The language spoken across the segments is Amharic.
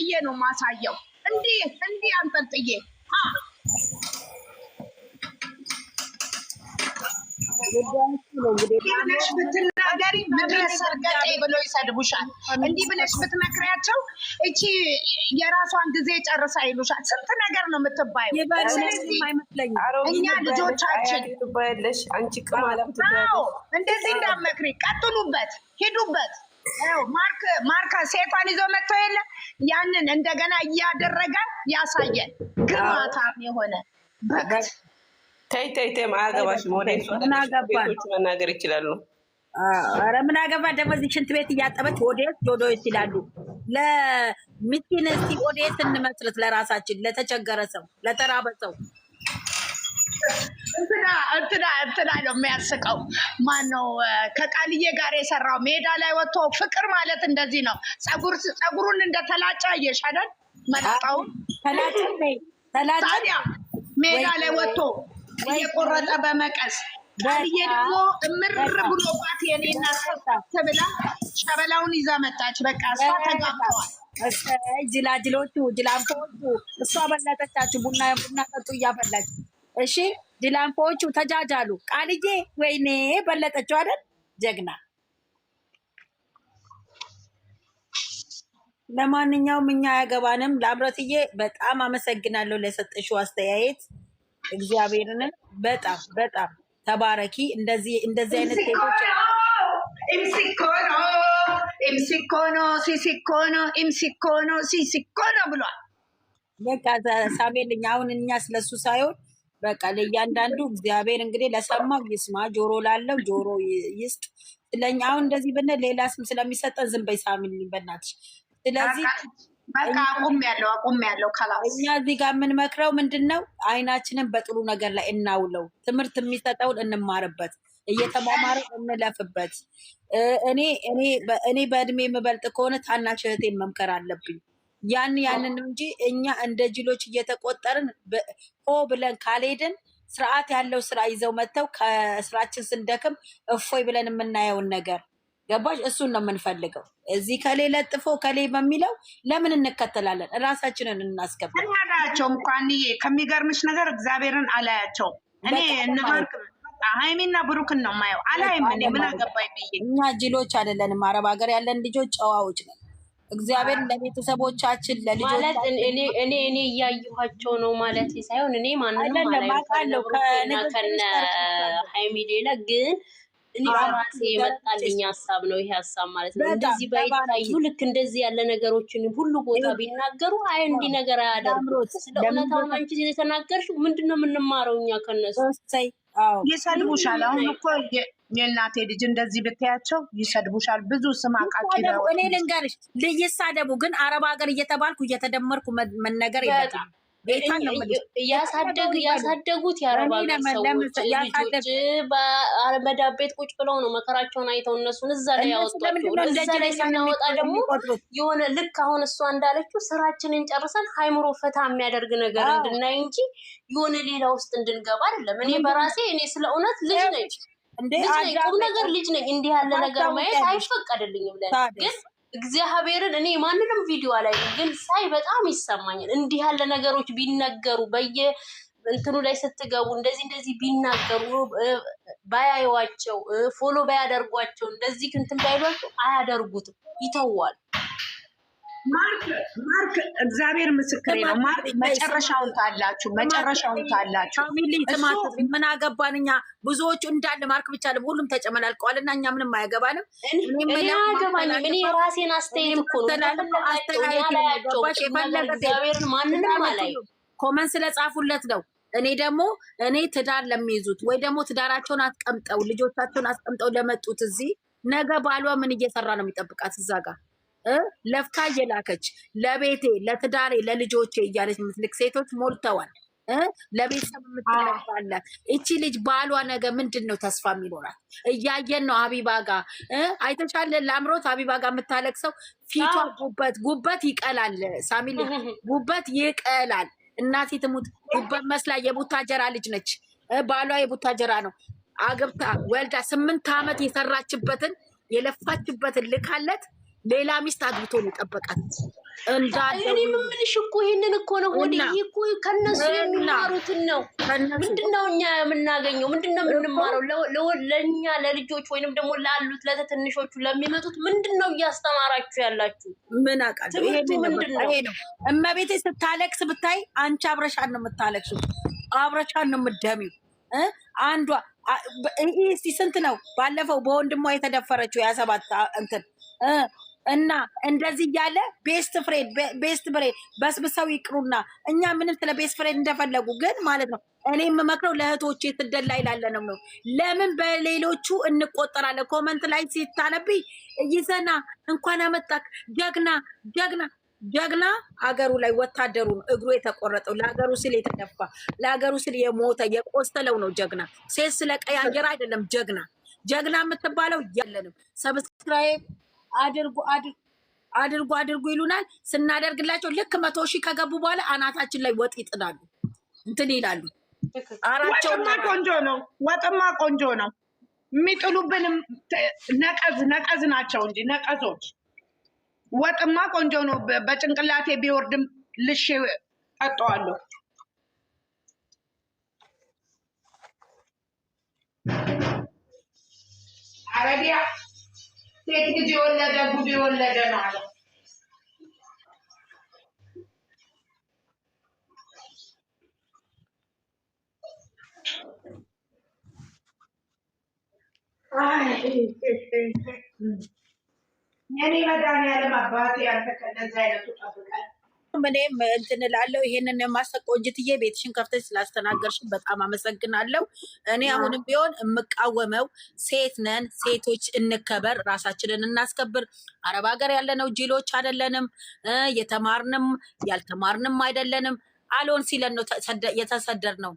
አንጠልጥዬ ነው ማሳየው። እንዲህ እንዲህ አንጠልጥዬ ብለሽ ብትናገሪ ምድረስ ሰርገጤ ይሰድቡሻል። እንዲህ ብለሽ ብትመክሪያቸው እቺ የራሷን ጊዜ ጨርሳ ይሉሻል። ስንት ነገር ነው የምትባየው። እኛ ልጆቻችን እንደዚህ ቀጥሉበት፣ ሂዱበት ማርክ ማርክ ሴቷን ይዞ መጥቶ የለ ያንን እንደገና እያደረገ ያሳየን። ግማታም የሆነ ተይ ተይ ተይ፣ ማያገባሽ መናገር ይችላሉ። ኧረ ምን አገባ ደግሞ እዚህ ሽንት ቤት እያጠበች ወዴት ጆዶስ ይላሉ። ለሚስኪን እስኪ ወዴት እንመስርት ለራሳችን፣ ለተቸገረ ሰው፣ ለተራበ ሰው እንትና እንትና ነው የሚያስቀው። ማነው ከቃልዬ ጋር የሰራው ሜዳ ላይ ወጥቶ ፍቅር ማለት እንደዚህ ነው። ፀጉሩን እንደተላጨ እየሻደን መጣውን ታዲያ ሜዳ ላይ ወጥቶ እየቆረጠ በመቀስ ቃልዬ ደግሞ እምር ብሎባት የኔና ትብላ ሸበላውን ይዛ መጣች። በቃ እሷ ተጋብተዋል። ጅላጅሎቹ ጅላንፎቹ እሷ በለጠቻችሁ። ቡና ቡና ጠጡ እያፈላችሁ እሺ ድላምፖዎቹ ተጃጃሉ። ቃልዬ ወይኔ በለጠችው አይደል? ጀግና። ለማንኛውም እኛ አያገባንም። ለአምረትዬ በጣም አመሰግናለሁ ለሰጠሽው አስተያየት። እግዚአብሔርን በጣም በጣም ተባረኪ። እንደዚህ እንደዚህ አይነት ሴቶች ኢምሲኮኖ ኢምሲኮኖ ሲሲኮኖ ኢምሲኮኖ ሲሲኮኖ ብሏል። በቃ እኛ አሁን እኛ ስለሱ ሳይሆን በቃ ለእያንዳንዱ እግዚአብሔር እንግዲህ ለሰማው ይስማ፣ ጆሮ ላለው ጆሮ ይስጥ። ስለኛ አሁን እንደዚህ ብነ ሌላ ስም ስለሚሰጠን ዝም በይ ሳሚልኝ በእናትሽ። ስለዚህ አቁም ያለው አቁም ያለው እኛ እዚህ ጋር የምንመክረው ምንድን ነው? አይናችንን በጥሩ ነገር ላይ እናውለው። ትምህርት የሚሰጠውን እንማርበት፣ እየተማማረ እንለፍበት። እኔ እኔ በእድሜ የምበልጥ ከሆነ ታናሽ እህቴን መምከር አለብኝ። ያን ያንን እንጂ እኛ እንደ ጅሎች እየተቆጠርን ሆ ብለን ካልሄድን ስርዓት ያለው ስራ ይዘው መጥተው ከስራችን ስንደክም እፎይ ብለን የምናየውን ነገር ገባሽ? እሱን ነው የምንፈልገው። እዚህ ከሌ ለጥፎ ከሌ በሚለው ለምን እንከተላለን? እራሳችንን እናስከብር። አላያቸውም እንኳንዬ ከሚገርምሽ ነገር እግዚአብሔርን አላያቸው። እኔ ሀይሚና ብሩክን ነው ማየው። አላይም። ምን አገባኝ ብዬ እኛ ጅሎች አይደለንም። አረብ ሀገር ያለን ልጆች ጨዋዎች ነን። እግዚአብሔር ለቤተሰቦቻችን ለልጆቻችን እኔ እኔ እያየኋቸው ነው ማለት ሳይሆን እኔ ማንም አላየሁም ከነ ሀይሚ ሌላ ግን እኔ ራሴ የመጣልኝ ሀሳብ ነው ይሄ ሀሳብ ማለት ነው። እንደዚህ ባይታዩ ልክ እንደዚህ ያለ ነገሮችን ሁሉ ቦታ ቢናገሩ አይ እንዲ ነገር አያደርጉ። ስለ እውነታውን አንቺ የተናገርሽው ምንድን ነው የምንማረው እኛ ከነሱ ይሰልቡሻል። አሁን እኮ የእናቴ ልጅ እንደዚህ ብታያቸው ይሰድቡሻል። ብዙ ስም አቃቂ እኔ ልንገርሽ ልይሳደቡ ግን አረብ ሀገር እየተባልኩ እየተደመርኩ መነገር የለብኝም። ያሳደጉት የአረብ ሀገር ቤት ቁጭ ብለው ነው መከራቸውን አይተው እነሱን እዛ ላይ ያወጧቸው። እዛ ላይ ስናወጣ ደግሞ የሆነ ልክ አሁን እሷ እንዳለችው ስራችንን ጨርሰን ሀይምሮ ፈታ የሚያደርግ ነገር እንድናይ እንጂ የሆነ ሌላ ውስጥ እንድንገባ አይደለም። እኔ በራሴ እኔ ስለ እውነት ልጅ ነች ቁም ነገር ልጅ ነኝ። እንዲህ ያለ ነገር ማየት አይፈቀድልኝም። ግን እግዚአብሔርን እኔ ማንንም ቪዲዮ ላይ ግን ሳይ በጣም ይሰማኛል። እንዲህ ያለ ነገሮች ቢነገሩ በየ እንትኑ ላይ ስትገቡ እንደዚህ እንደዚህ ቢናገሩ ባያዩዋቸው ፎሎ ባያደርጓቸው እንደዚህ ክንትን ባይሏቸው አያደርጉትም፣ ይተዋል። ማርክ ማርክ እግዚአብሔር ምስክሬ ነው። ማርክ መጨረሻውን ታላችሁ፣ መጨረሻውን ታላችሁ። ምን አገባን እኛ ብዙዎቹ እንዳለ ማርክ ብቻ ለም ሁሉም ተጨመላልቀዋል እና እኛ ምንም አያገባንም። አያገባንም። እኔ የራሴን አስተያየት እኮ ነው ኮመን ስለጻፉለት ነው። እኔ ደግሞ እኔ ትዳር ለሚይዙት ወይ ደግሞ ትዳራቸውን አስቀምጠው ልጆቻቸውን አስቀምጠው ለመጡት እዚህ ነገ ባሏ ምን እየሰራ ነው የሚጠብቃት እዛ ጋር ለፍታ እየላከች ለቤቴ፣ ለትዳሬ፣ ለልጆቼ እያለች ምትልክ ሴቶች ሞልተዋል። ለቤተሰብ የምትለባለ እቺ ልጅ ባሏ ነገ ምንድን ነው ተስፋ የሚኖራት? እያየን ነው። አቢባ ጋ አይተሻለ ለአምሮት አቢባ ጋ የምታለቅሰው ፊቷ ጉበት ጉበት ይቀላል። ሳሚል ጉበት ይቀላል። እናቴ ትሙት ጉበት መስላ የቡታጀራ ልጅ ነች። ባሏ የቡታጀራ ነው። አግብታ ወልዳ ስምንት ዓመት የሰራችበትን የለፋችበትን ልካለት ሌላ ሚስት አግብቶ ነው የጠበቃት። እንዳእኔ ምምልሽ እኮ ይህንን እኮ ነው ወደ ይህ እኮ ከነሱ የሚማሩትን ነው። ምንድነው እኛ የምናገኘው? ምንድነው የምንማረው? ለእኛ ለልጆች ወይንም ደግሞ ላሉት ለተትንሾቹ ለሚመጡት ምንድነው እያስተማራችሁ ያላችሁ? ምን አውቃለሁ። ይሄ ነው እመቤቴ ስታለቅስ ብታይ፣ አንቺ አብረሻን ነው የምታለቅሱ፣ አብረሻን ነው የምደሚው። አንዷ ይህ ስንት ነው? ባለፈው በወንድሟ የተደፈረችው ያሰባት እንትን እና እንደዚህ እያለ ቤስት ፍሬንድ ቤስት ብሬድ በስብሰው ይቅሩና እኛ ምንም ስለ ቤስት ፍሬንድ እንደፈለጉ ግን ማለት ነው። እኔ የምመክረው ለእህቶች የትደል ላይ ላለ ነው ነው ለምን በሌሎቹ እንቆጠራለን? ኮመንት ላይ ሲታነብኝ ይዘና እንኳን አመጣክ ጀግና ጀግና ጀግና አገሩ ላይ ወታደሩ ነው እግሩ የተቆረጠው ለሀገሩ ስል የተደፋ ለሀገሩ ስል የሞተ የቆሰለው ነው ጀግና። ሴት ስለቀያየር አይደለም ጀግና ጀግና የምትባለው ያለንም ሰብስክራይብ አድርጉ አድርጉ አድርጉ ይሉናል። ስናደርግላቸው ልክ መቶ ሺህ ከገቡ በኋላ አናታችን ላይ ወጥ ይጥላሉ፣ እንትን ይላሉ። አራቸውማ ቆንጆ ነው፣ ወጥማ ቆንጆ ነው። የሚጥሉብንም ነቀዝ ነቀዝ ናቸው እንጂ ነቀዞች። ወጥማ ቆንጆ ነው። በጭንቅላቴ ቢወርድም ልሼ ጠጠዋለሁ። አረቢያ ሴት ልጅ የወለደ ጉድ የወለደ ነው አለ። የኔ መድኃኒዓለም አባቴ አንተ ከእንደዚህ አይነቱ ጠብቀ አላውቅም። እኔም እንትን እላለሁ። ይሄንን የማሰቀው እጅትዬ ቤትሽን ከፍተሽ ስላስተናገርሽ በጣም አመሰግናለሁ። እኔ አሁንም ቢሆን የምቃወመው ሴት ነን፣ ሴቶች እንከበር፣ ራሳችንን እናስከብር። አረብ ሀገር ያለነው ጅሎች አይደለንም። የተማርንም ያልተማርንም አይደለንም። አልሆን ሲለን ነው የተሰደር ነው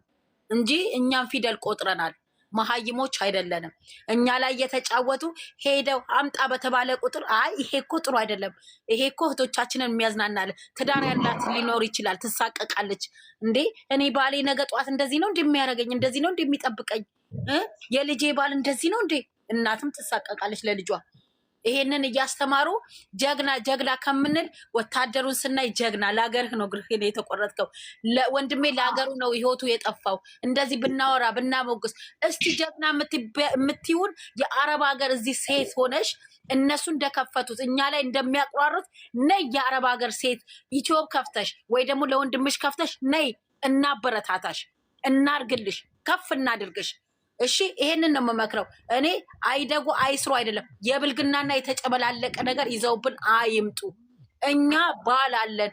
እንጂ እኛም ፊደል ቆጥረናል። መሀይሞች አይደለንም። እኛ ላይ የተጫወቱ ሄደው አምጣ በተባለ ቁጥር አይ ይሄ እኮ ጥሩ አይደለም፣ ይሄ እኮ እህቶቻችንን የሚያዝናናል። ትዳር ያላት ሊኖር ይችላል፣ ትሳቀቃለች። እንዴ እኔ ባሌ ነገ ጠዋት እንደዚህ ነው እንደሚያደርገኝ፣ እንደዚህ ነው እንደሚጠብቀኝ፣ የልጄ ባል እንደዚህ ነው እንዴ? እናትም ትሳቀቃለች ለልጇ ይሄንን እያስተማሩ ጀግና ጀግና ከምንል ወታደሩን ስናይ ጀግና ለሀገርህ ነው እግርህ የተቆረጥከው ወንድሜ፣ ለሀገሩ ነው ህይወቱ የጠፋው። እንደዚህ ብናወራ ብናሞግስ፣ እስቲ ጀግና የምትይውን የአረብ ሀገር እዚህ ሴት ሆነሽ እነሱ እንደከፈቱት እኛ ላይ እንደሚያቆራሩት ነይ የአረብ ሀገር ሴት ኢትዮብ ከፍተሽ ወይ ደግሞ ለወንድምሽ ከፍተሽ ነይ እናበረታታሽ፣ እናርግልሽ፣ ከፍ እናድርግሽ። እሺ ይሄንን ነው የምመክረው እኔ። አይደጉ አይስሩ አይደለም የብልግናና የተጨበላለቀ ነገር ይዘውብን አይምጡ። እኛ ባል አለን፣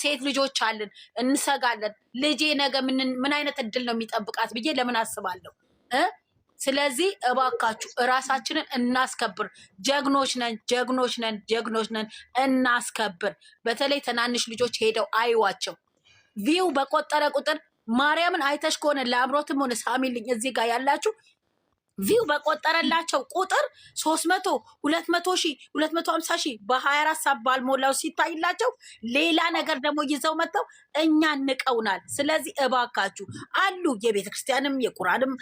ሴት ልጆች አለን፣ እንሰጋለን። ልጄ ነገ ምን አይነት እድል ነው የሚጠብቃት ብዬ ለምን አስባለሁ? ስለዚህ እባካችሁ እራሳችንን እናስከብር። ጀግኖች ነን፣ ጀግኖች ነን፣ ጀግኖች ነን፣ እናስከብር። በተለይ ትናንሽ ልጆች ሄደው አይዋቸው ቪው በቆጠረ ቁጥር ማርያምን አይተሽ ከሆነ ለአምሮትም ሆነ ሳሚልኝ እዚህ ጋር ያላችሁ ቪው በቆጠረላቸው ቁጥር ሶስት መቶ ሁለት መቶ ሺ ሁለት መቶ ሀምሳ ሺ በሀያ አራት ሰዓት ባልሞላው ሲታይላቸው ሌላ ነገር ደግሞ ይዘው መጥተው እኛ ንቀውናል። ስለዚህ እባካችሁ አሉ የቤተ ክርስቲያንም የቁራንም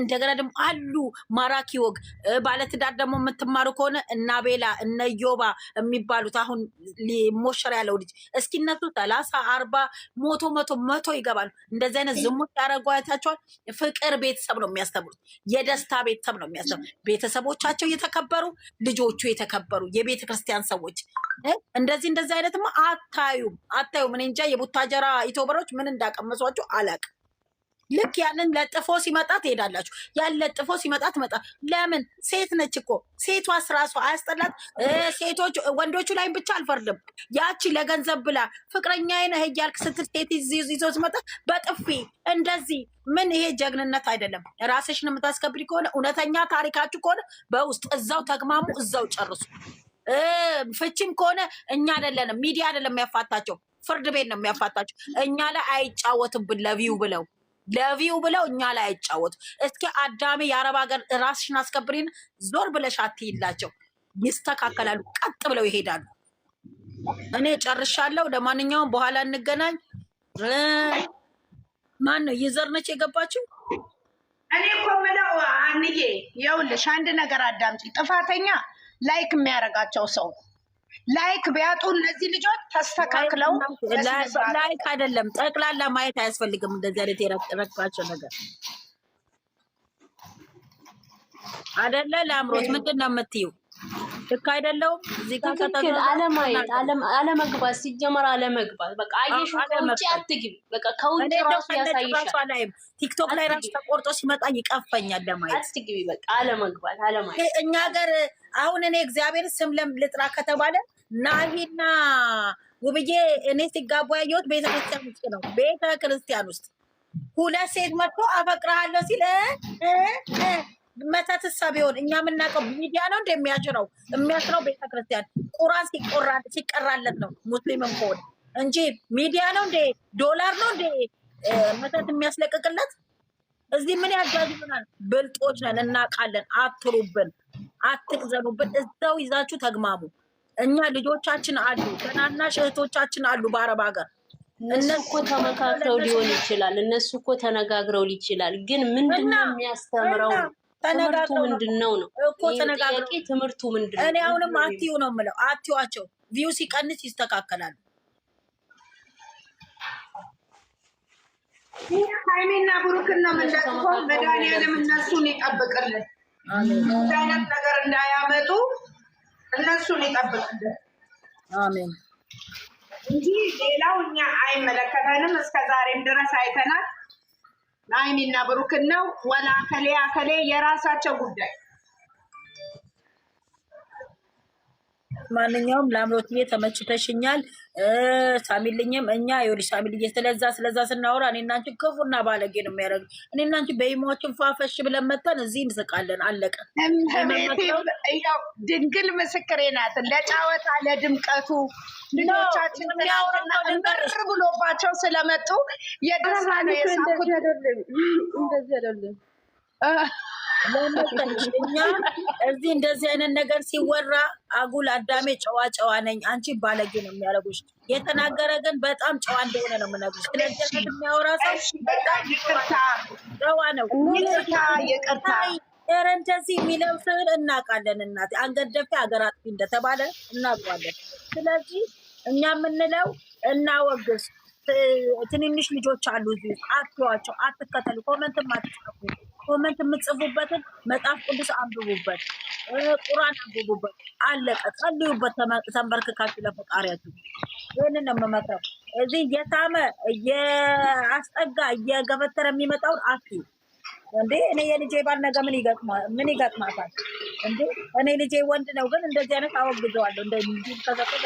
እንደገና ደግሞ አሉ ማራኪ ወግ ባለትዳር ደግሞ የምትማሩ ከሆነ እና ቤላ እነ ዮባ የሚባሉት አሁን ሊሞሸር ያለው ልጅ እስኪ እነሱ ሰላሳ አርባ ሞቶ መቶ መቶ ይገባሉ። እንደዚህ አይነት ዝሙት ያደረጓታቸዋል። ፍቅር ቤተሰብ ነው የሚያስተምሩት የደስ የይቅርታ ቤተሰብ ነው የሚያስለው። ቤተሰቦቻቸው የተከበሩ ልጆቹ የተከበሩ የቤተ ክርስቲያን ሰዎች እንደዚህ እንደዚህ አይነትማ አታዩም አታዩም። እኔ እንጃ የቡታጀራ ኢትዮበሮች ምን እንዳቀመሷቸው አላቅም። ልክ ያንን ለጥፎ ሲመጣ ትሄዳላችሁ። ያን ለጥፎ ሲመጣ ትመጣ። ለምን ሴት ነች እኮ ሴቷ ስራሷ አያስጠላት? ሴቶች ወንዶቹ ላይም ብቻ አልፈርድም። ያቺ ለገንዘብ ብላ ፍቅረኛ ነህ እያልክ ስትል ሴት ይዞ ሲመጣ በጥፊ እንደዚህ ምን ይሄ ጀግንነት አይደለም። ራስሽን የምታስከብሪ ከሆነ እውነተኛ ታሪካችሁ ከሆነ በውስጥ እዛው ተግማሙ፣ እዛው ጨርሱ። ፍቺም ከሆነ እኛ አይደለንም፣ ሚዲያ አይደለም የሚያፋታቸው፣ ፍርድ ቤት ነው የሚያፋታቸው። እኛ ላይ አይጫወትብን ለቪው ብለው ለቪው ብለው እኛ ላይ አይጫወቱ። እስኪ አዳሜ የአረብ ሀገር ራስሽን አስከብሪን ዞር ብለሽ አትይላቸው። ይስተካከላሉ፣ ቀጥ ብለው ይሄዳሉ። እኔ ጨርሻለሁ። ለማንኛውም በኋላ እንገናኝ። ማን ነው ይዘር ነች የገባችው? እኔ እኮ አንዬ፣ ይኸውልሽ አንድ ነገር አዳምጪ። ጥፋተኛ ላይክ የሚያደርጋቸው ሰው ላይክ ቢያጡ እነዚህ ልጆች ተስተካክለው ላይክ አይደለም ጠቅላላ ማየት አያስፈልግም። እንደዚህ አይነት የረግጧቸው ነገር አደለ ለአምሮት ምንድን ነው የምትይው? ልክ አይደለውም። እዚህ ጋር ትክክል አለማየት አለመግባት፣ ሲጀመር አለመግባት በቃ አየሽ። ከውጭ አትግቢ በቃ ከውጭ ራሱ ያሳይሻል። ቲክቶክ ላይ ራሱ ተቆርጦ ይቀፈኛል ለማየት። አትግቢ በቃ አለመግባት፣ አለማየት። እኛ ሀገር አሁን እኔ እግዚአብሔር ስም ልጥራ ከተባለ ናሂና ውብዬ እኔ ሲጋቡ ያየሁት ቤተክርስቲያን ውስጥ ነው። ቤተክርስቲያን ውስጥ ሁለት ሴት መጥቶ አፈቅረሃለሁ ሲል መተትሳ ቢሆን እኛ የምናውቀው ሚዲያ ነው እንደሚያጭረው የሚያስረው ቤተክርስቲያን ቁራን ሲቀራለት ነው ሙስሊምም ከሆነ እንጂ ሚዲያ ነው እንደ ዶላር ነው እንደ መተት የሚያስለቅቅለት። እዚህ ምን ያጋዝ ይሆናል? ብልጦች ነን እናውቃለን። አትሩብን፣ አትቅዘኑብን። እዛው ይዛችሁ ተግማሙ። እኛ ልጆቻችን አሉ፣ ትናናሽ እህቶቻችን አሉ በአረብ ሀገር እነሱ እኮ ተመካክረው ሊሆን ይችላል። እነሱ እኮ ተነጋግረው ሊችላል። ግን ምንድነው የሚያስተምረው ትምህርቱ ምንድን ነው ነው እኮ ተነጋግረው ትምህርቱ ምንድን ነው? እኔ አሁንም አትዩ ነው የምለው። አትዩዋቸው። ቪው ሲቀንስ ይስተካከላሉ። ሃይሜና ብሩክና ምንዳቅፎ መድኃኒዓለም እነሱን ይጠብቅልን። እንደ አይነት ነገር እንዳያመጡ እነሱን ይጠብቅልን። አሜን እንጂ ሌላው እኛ አይመለከተንም። እስከ ዛሬም ድረስ አይተናል። ሀይሚና ብሩክን ነው ወላ ከሌ አከሌ የራሳቸው ጉዳይ ማንኛውም ለአምሮትዬ ተመችተሽኛል። ሳሚልኝም እኛ ዮሪ ሳሚልዬ ስለዛ ስለዛ ስናወራ እኔ እና ክፉና ባለጌ ነው የሚያደርግ። እኔ እና አንቺ በኢሞችን ፋፈሽ ብለን መተን እዚህ እንስቃለን። አለቀ። ድንግል ምስክሬ ናት። ለጫወታ ለድምቀቱ ልጆቻችን ብሎባቸው ስለመጡ የደስታ ነው የሳኩት። እንደዚህ አይደለም እኛ እዚህ እንደዚህ አይነት ነገር ሲወራ አጉል አዳሜ ጨዋ ጨዋ ነኝ፣ አንቺ ባለጌ ነው የሚያደርጉሽ። የተናገረ ግን በጣም ጨዋ እንደሆነ ነው የምነግርሽ። ስለዚህ አይነት የሚያወራ ሰው ጨዋ ነው። ኧረ እንደዚህ የሚለው ስል እናውቃለን። እናቴ አንገት ደፊ ሀገር አጥፊ እንደተባለ እናውቃለን። ስለዚህ እኛ የምንለው እናወግዝ። ትንንሽ ልጆች አሉ እዚህ አትዋቸው፣ አትከተሉ፣ ኮመንትም አትጻፉ ኮመንት የምትጽፉበትን መጽሐፍ ቅዱስ አንብቡበት፣ ቁራን አንብቡበት። አለቀ። ጸልዩበት፣ ተንበርክካችሁ ለፈጣሪያችሁ። ይህንን ነው የምመክረው። እዚህ እየሳመ እየአስጠጋ እየገፈተረ የሚመጣውን አፊ እንዴ እኔ የልጄ ባል ነገ ምን ይገጥማል? ምን ይገጥማታል? እንዴ እኔ ልጄ ወንድ ነው፣ ግን እንደዚህ አይነት አወግዘዋለሁ። እንደ ተዘቀዘ